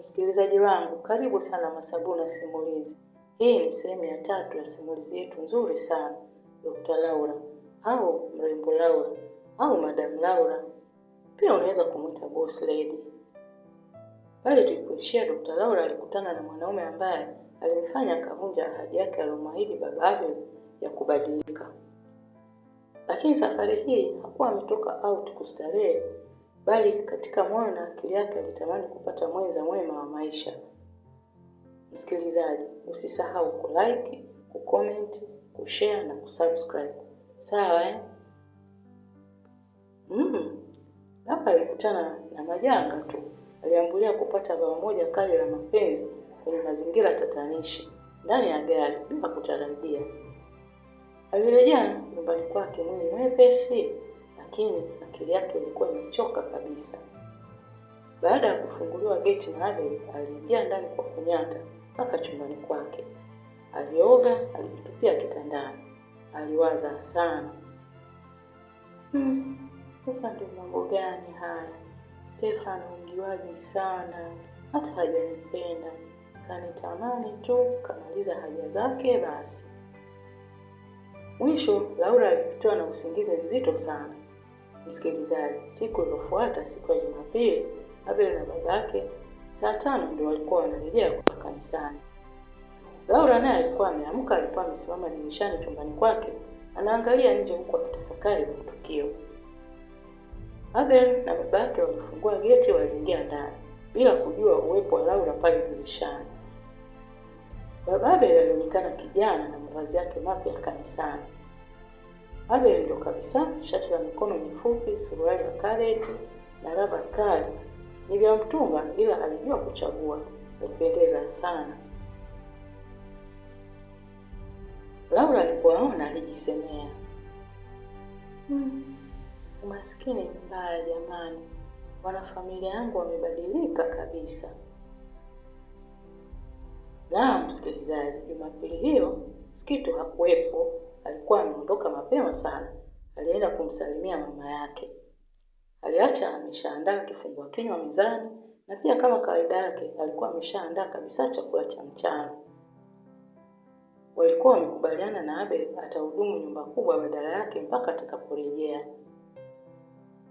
Msikilizaji wangu, karibu sana Masabula Simulizi. Hii ni sehemu ya tatu ya simulizi yetu nzuri sana Dokta Laura au mrembo Laura au Madam Laura, pia unaweza kumwita boss lady. Pale tulipoishia, Dokta Laura alikutana na mwanaume ambaye alimfanya akavunja ahadi yake aliyomwahidi baba ya kubadilika, lakini safari hii hakuwa ametoka out kustarehe, bali katika moyo na akili yake alitamani kupata mwenza mwema wa maisha. Msikilizaji, usisahau comment, ku share na kusubscribe, sawa eh? Mm, labda alikutana na majanga tu. Aliambulia kupata bao moja kali la mapenzi kwenye mazingira tatanishi ndani ya gari bila kutarajia. Alirejea nyumbani kwake mwili mwepesi lakini akili yake ilikuwa imechoka kabisa. Baada ya kufunguliwa geti na Abel, aliingia ndani kwa kunyata mpaka chumbani kwake. Alioga, alijitupia kitandani, aliwaza sana. Hmm, sasa ndio mambo gani haya? Stefano mjuaji sana, hata hajanipenda, kanitamani tu. Kamaliza haja zake basi. Mwisho Laura alipitiwa na usingizi mzito sana. Msikilizaji, siku iliyofuata, siku ya Jumapili, Abel na babake saa tano ndio walikuwa wanarejea kutoka kanisani. Laura naye alikuwa ameamka, alikuwa amesimama dirishani chumbani kwake anaangalia nje huku akitafakari tukio. Abel na babake walifungua geti, waliingia ndani bila kujua uwepo wa Laura pale dirishani. Baba Abel alionekana kijana na mavazi yake mapya kanisani. Abel ndo kabisa, shati la mikono mifupi, suruali ya kareti na raba kali. Ni vya mtumba, ila alijua kuchagua kupendeza sana. Laura alipowaona alijisemea, hmm, umaskini mbaya jamani, wanafamilia yangu wamebadilika kabisa. Na msikilizaji, Jumapili hiyo Sikitu hakuwepo. Alikuwa ameondoka mapema sana, alienda kumsalimia mama yake. Aliacha ameshaandaa kifungua kinywa mezani, na pia kama kawaida yake alikuwa ameshaandaa kabisa chakula cha mchana. Walikuwa wamekubaliana na Abel atahudumu nyumba kubwa badala yake mpaka atakaporejea.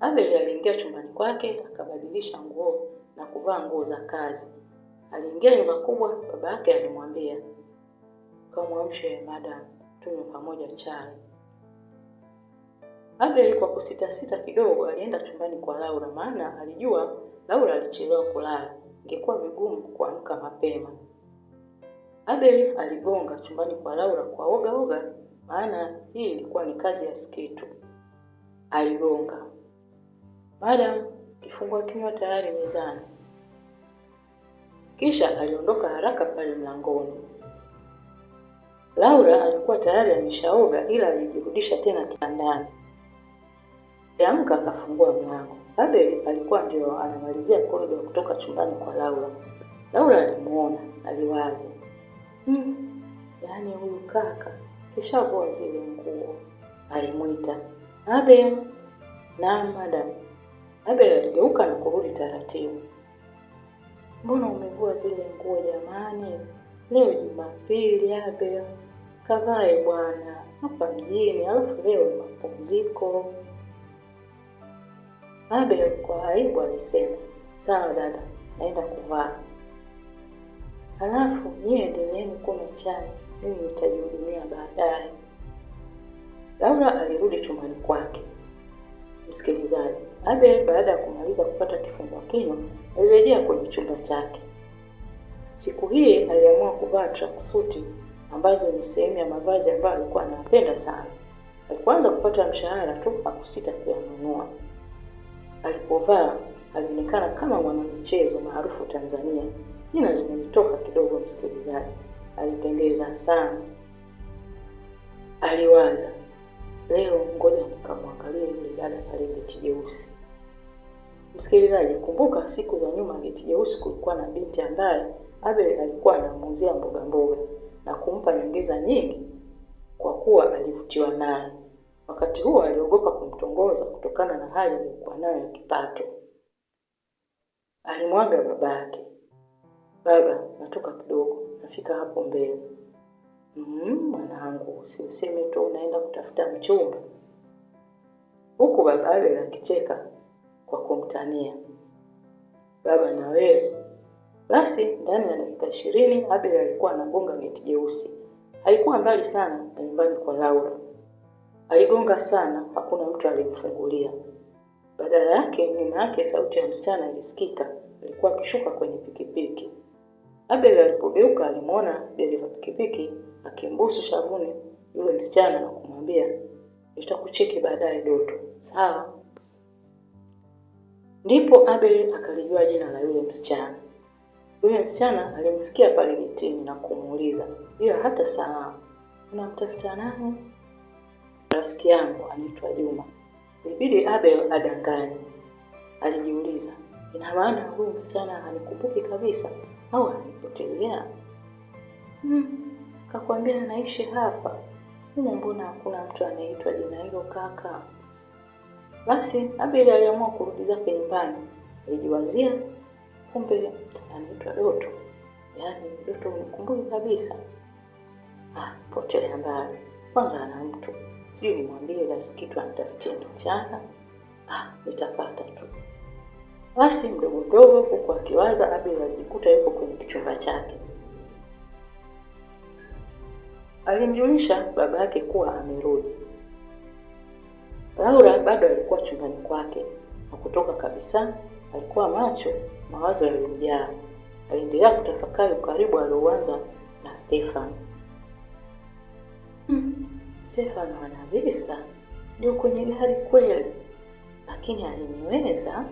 Abel aliingia chumbani kwake akabadilisha nguo na kuvaa nguo za kazi. Aliingia nyumba kubwa, baba yake alimwambia, kamwamshe madamu tunywe pamoja chai. Abel kwa kusitasita kidogo alienda chumbani kwa Laura, maana alijua Laura alichelewa kulala, ingekuwa vigumu kuamka mapema. Abel aligonga chumbani kwa Laura kwa woga woga, maana hii ilikuwa ni kazi ya sikitu. Aligonga, madam, kifungua kinywa tayari mezani. Kisha aliondoka haraka pale mlangoni. Laura alikuwa tayari ameshaoga ila alijirudisha tena kitandani. Aliamka akafungua mlango. Abel alikuwa ndio anamalizia korido kutoka chumbani kwa Laura. Laura alimuona, aliwaza. Hmm, yaani huyu kaka kishavua zile nguo. Alimwita. Abel. Na madam. Abel aligeuka na kurudi taratibu. Mbona umevua zile nguo jamani? Leo Jumapili, Abel. Kavae bwana, hapa mjini, alafu leo mapumziko. Abel kwa aibu alisema sawa dada, naenda kuvaa, alafu nyie endeleeni kunywa chai, mimi nitajihudumia baadaye. Laura alirudi chumbani kwake. Msikilizaji, Abel baada ya kumaliza kupata kifungua kinywa alirejea kwenye chumba chake. Siku hii aliamua kuvaa tracksuit ambazo ni sehemu ya mavazi ambayo alikuwa anapenda sana. Alipoanza kupata mshahara tu hakusita kuyanunua. Alipovaa alionekana kama mwanamichezo maarufu Tanzania. Jina limenitoka kidogo, msikilizaji. Alipendeza sana. Aliwaza, leo ngoja nikamwangalie yule dada pale geti jeusi. Msikilizaji, kumbuka siku za nyuma geti jeusi kulikuwa na binti ambaye Abel alikuwa anamuuzia mboga mboga na kumpa nyongeza nyingi kwa kuwa alivutiwa naye. Wakati huo aliogopa kumtongoza kutokana na hali aliyokuwa nayo ya kipato. Alimwaga babake, baba, natoka kidogo, nafika hapo mbele. Mm-hmm, mwanangu, mm, mwanangu, useme tu unaenda kutafuta mchumba, huku baba yule akicheka kwa kumtania, baba na wewe basi ndani ya dakika ishirini Abel alikuwa anagonga geti jeusi. Haikuwa mbali sana na nyumbani kwa Laura. Aligonga sana, hakuna mtu alimfungulia. Badala yake, nyuma yake sauti ya msichana ilisikika, alikuwa akishuka kwenye pikipiki. Abel alipogeuka, alimwona dereva pikipiki akimbusu shavuni yule msichana na kumwambia, nitakucheki baadaye Doto, sawa? Ndipo Abel akalijua jina la yule msichana. Yule msichana alimfikia pale getini na kumuuliza bila hata salamu, unamtafuta nani? Rafiki yangu anaitwa Juma. Ilibidi Abel adanganye. Alijiuliza, ina maana huyu msichana anikumbuki kabisa au ananipotezea? Hmm, kakwambia anaishi hapa humu, mbona hakuna mtu anaitwa jina hilo kaka? Basi Abel aliamua kurudi zake nyumbani, alijiwazia kumbe anaitwa Doto, yaani Doto unikumbuki kabisa. Ah, potelea mbali kwanza, ana mtu sijui nimwambie basi kitu anitafutie msichana. Ah, nitapata tu. Basi mdogo mdogo, huku akiwaza, Abel alijikuta yuko kwenye kichumba chake. Alimjulisha baba yake kuwa amerudi. Laura bado alikuwa chumbani kwake, kutoka kabisa. Alikuwa macho, mawazo yalimjaa. Aliendelea kutafakari ukaribu aliouanza na Stefan. Hmm, Stefan ana visa, ndio kwenye gari kweli, lakini aliniweza.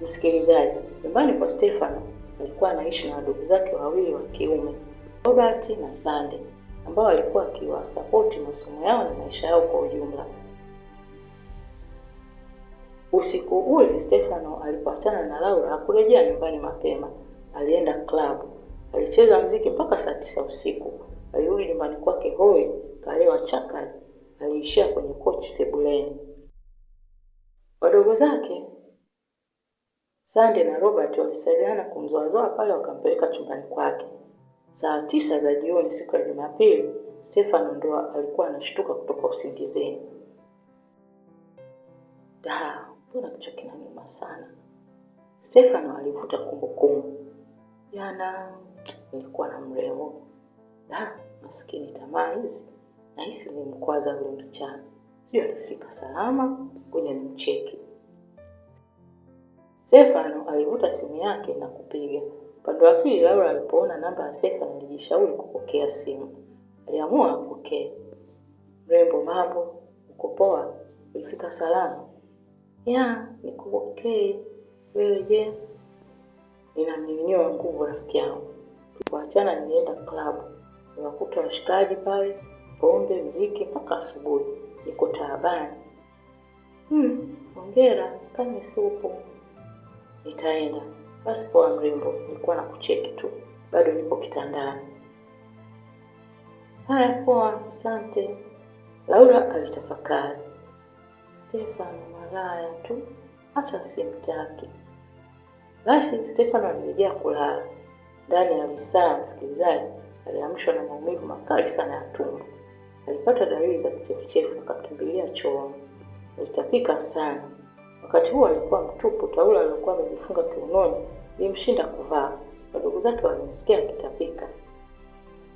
Msikilizaji, nyumbani kwa Stefano alikuwa anaishi na wadogo zake wawili wa kiume Robert na Sande, ambao alikuwa akiwasapoti masomo yao na maisha yao kwa ujumla. Usiku ule Stefano alipoachana na Laura hakurejea nyumbani mapema, alienda klabu, alicheza mziki mpaka saa tisa usiku. Alirudi nyumbani kwake hoi, kalewa chakali, aliishia kwenye kochi sebuleni. Wadogo zake Sande na Robert walisaidiana kumzoazoa pale, wakampeleka chumbani kwake. Saa tisa za jioni siku ya Jumapili, Stefano ndo alikuwa anashtuka kutoka usingizini. Dao mbona kichwa kinaniuma sana? Stefano alivuta kumbukumbu, jana nilikuwa na mrembo. Da, maskini, tamaa hizi nahisi nilimkwaza yule msichana, sio alifika salama, ngoja nimcheki. Stefano alivuta simu yake na kupiga. Upande wa pili, Laura alipoona namba ya Stefano alijishauri kupokea simu. Aliamua apokee. Mrembo, mambo, uko poa? Ulifika salama? ya nikupokee wewe. Je, nina mnyonyeo wa nguvu rafiki yangu. Tulipoachana nilienda klabu, niwakuta washikaji pale, pombe, mziki mpaka asubuhi, niko taabani. Hmm, hongera kani siupo, nitaenda basi. Poa mrembo, nilikuwa kucheki tu, bado nipo kitandani. Haya, poa, asante. Laura alitafakari. Stefano malaya tu, hata simtaki. Basi Stefano alirejea kulala. Ndani ya lisaa msikilizaji, aliamshwa na maumivu makali sana ya tumbo. Alipata dalili za kichefuchefu, akakimbilia chooni. Alitapika sana. Wakati huo alikuwa mtupu, taulo alilokuwa amejifunga kiunoni ilimshinda kuvaa. Wadogo zake walimsikia akitapika.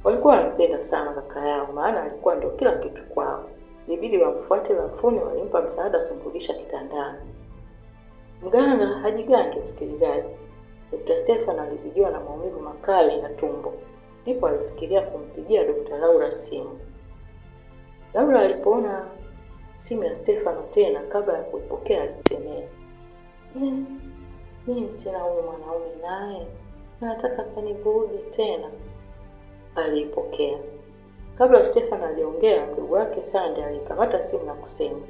Walikuwa wanampenda sana kaka yao, maana alikuwa ndio kila kitu kwao. Ilibidi wamfuate Lwamfumi, walimpa msaada kumrudisha kitandani. Mganga hajigange, msikilizaji. Dr. Stefan alizidiwa na maumivu makali ya tumbo, ndipo alifikiria kumpigia Dr. Laura simu. Laura alipoona simu ya Stefano tena, kabla ya kuipokea alitemea, nini eh, tena huyu mwanaume naye anataka kanivuruge tena. Aliipokea. Kabla Stefan aliongea mdogo wake Sande alikamata simu na kusema,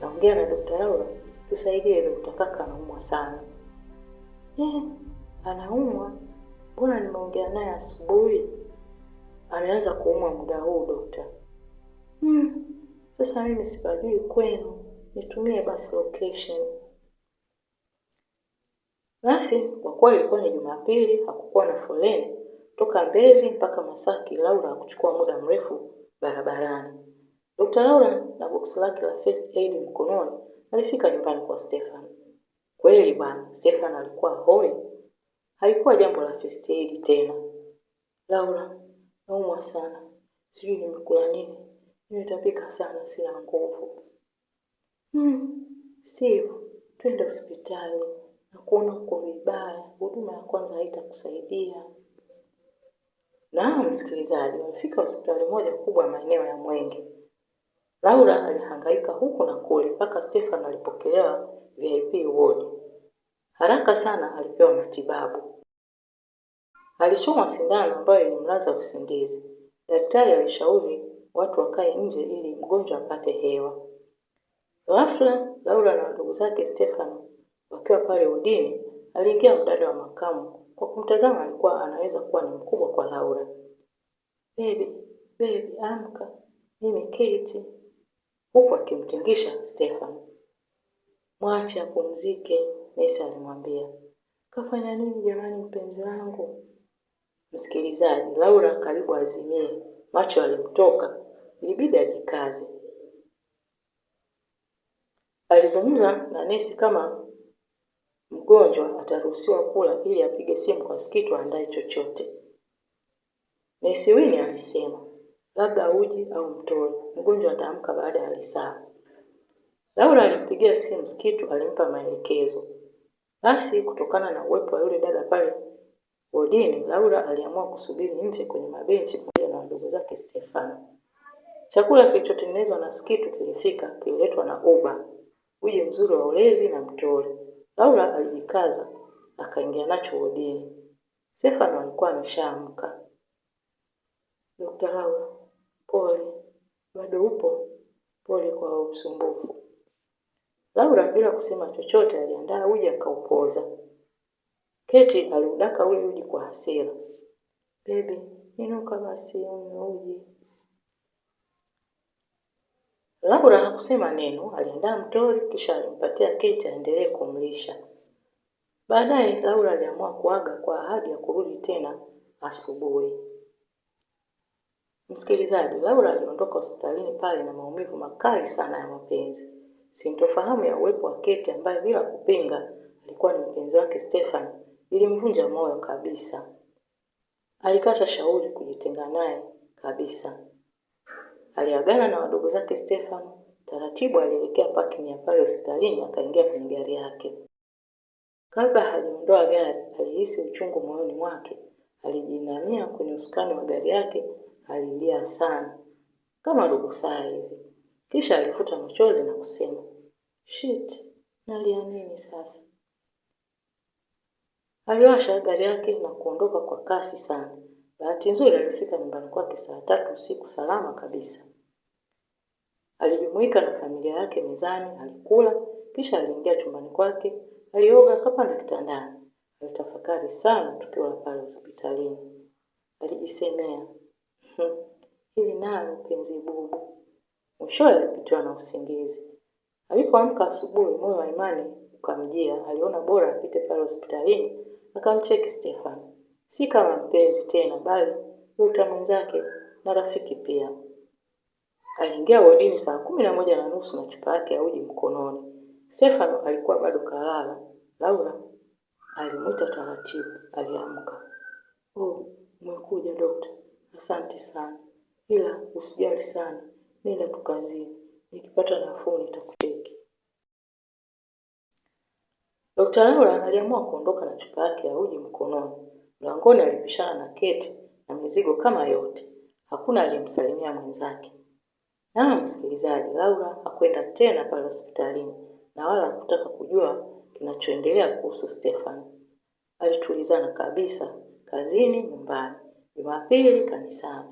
naongea na Dokta Laura, tusaidie Dokta kaka anaumwa sana. Eh, anaumwa? Mbona nimeongea naye asubuhi, anaanza kuumwa muda huu dokta? Hmm, sasa mimi sipajui kwenu, nitumie basi location. Basi kwa kuwa ilikuwa ni Jumapili, hakukuwa na foleni toka Mbezi mpaka Masaki, Laura hakuchukua muda mrefu barabarani. Dr. Laura na boksi lake la first aid mkononi alifika nyumbani kwa Stefan. Kweli bwana, Stefan alikuwa hoi. Haikuwa jambo la first aid tena. Laura, naumwa sana, sijui nimekula nini, nimetapika sana, sina nguvu. Hmm, Steve, twende hospitali, nakuona uko vibaya, huduma ya kwanza haitakusaidia. Na msikilizaji, amefika hospitali moja kubwa maeneo ya Mwenge. Laura alihangaika huku na kule mpaka stefan alipokelewa VIP ward. Haraka sana alipewa matibabu. Alichomwa sindano ambayo ilimlaza usingizi. Daktari alishauri watu wakae nje ili mgonjwa apate hewa. Ghafla Laura na ndugu zake Stefano wakiwa pale udini, aliingia mdada wa makamu kwa kumtazama alikuwa anaweza kuwa ni mkubwa kwa Laura. Bebi, bebi, amka, mimi keti, huku akimtingisha Stefan. Mwache apumzike, Nesi alimwambia. Kafanya nini jamani, mpenzi wangu? Msikilizaji, Laura karibu azimie, macho alimtoka, ilibidi ajikaze. Alizungumza na Nesi kama mgonjwa ataruhusiwa kula ili apige simu kwa skitu andaye chochote. Nesi alisema labda uji au mtori, mgonjwa ataamka baada ya lisaa. Laura alimpigia simu skitu alimpa maelekezo. Basi kutokana na uwepo wa yule dada pale wodini, Laura aliamua kusubiri nje kwenye mabenchi pamoja na ndugu zake Stefano. Chakula kilichotengenezwa na Sikitu kilifika, kililetwa na Uba, uji mzuri wa ulezi na mtori. Laura alijikaza akaingia nacho wodini. Stefano alikuwa ameshaamka. Dokta Laura, pole, bado upo? Pole kwa usumbufu. Laura bila kusema chochote aliandaa uji akaupoza. Keti aliudaka ule uji kwa hasira. Bebi, inuka basi unywe uji. Laura hakusema neno, aliandaa mtori kisha alimpatia keti aendelee kumlisha. Baadaye Laura aliamua kuaga kwa ahadi ya kurudi tena asubuhi. Msikilizaji, Laura aliondoka hospitalini pale na maumivu makali sana ya mapenzi, sintofahamu ya uwepo wa Kate ambaye bila kupinga alikuwa ni mpenzi wake Stefan ilimvunja moyo kabisa. Alikata shauri kujitenga naye kabisa. Aliagana na wadogo zake Stefano, taratibu alielekea parking ya pale hospitalini, akaingia kwenye gari yake. Kabla hajaondoa gari, alihisi uchungu moyoni mwake. Alijinamia kwenye usukani wa gari yake, alilia sana kama robo saa hivi, kisha alifuta machozi na kusema shit, nalia nini sasa? Aliwasha gari yake na kuondoka kwa kasi sana. Bahati nzuri alifika nyumbani kwake saa tatu usiku salama kabisa. Alijumuika na familia yake mezani, alikula, kisha aliingia chumbani kwake, alioga, akapanda kitandani. Alitafakari sana tukio la pale hospitalini. Alijisemea, hmm, hili nalo penzi bubu. Mwishowe alipitiwa na usingizi. Alipoamka asubuhi, moyo wa imani ukamjia. Aliona bora apite pale hospitalini akamcheki Stefani si kama mpenzi tena, bali dokta mwenzake na rafiki pia. Aliingia wodini saa kumi na moja na nusu na chupa yake ya uji mkononi. Stefano alikuwa bado kalala. Laura alimwita taratibu. Aliamka. Oh, umekuja dokta, asante sana, ila usijali sana, nenda tukazini, nikipata nafuu nitakucheki. Dokta Laura aliamua kuondoka na chupa yake ya uji mkononi. Mlangoni alipishana na Keti na mizigo kama yote, hakuna aliyemsalimia mwenzake. Na msikilizaji, Laura hakwenda tena pale hospitalini na wala hakutaka kujua kinachoendelea kuhusu Stefan. Alitulizana kabisa, kazini, nyumbani, Jumapili kanisani.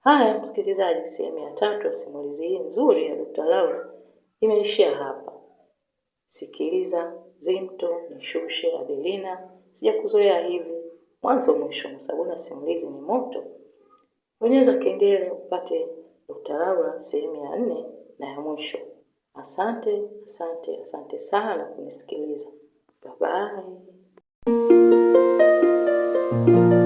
Haya msikilizaji, sehemu ya tatu ya simulizi hii nzuri ya Dr. Laura imeishia hapa. Sikiliza Zimto, Nishushe, Adelina, sijakuzoea hivi mwanzo mwisho, kwa sababu na simulizi ni moto. Bonyeza kengele upate Dr. Laura sehemu ya nne na ya mwisho. Asante, asante, asante sana kunisikiliza. Bye bye.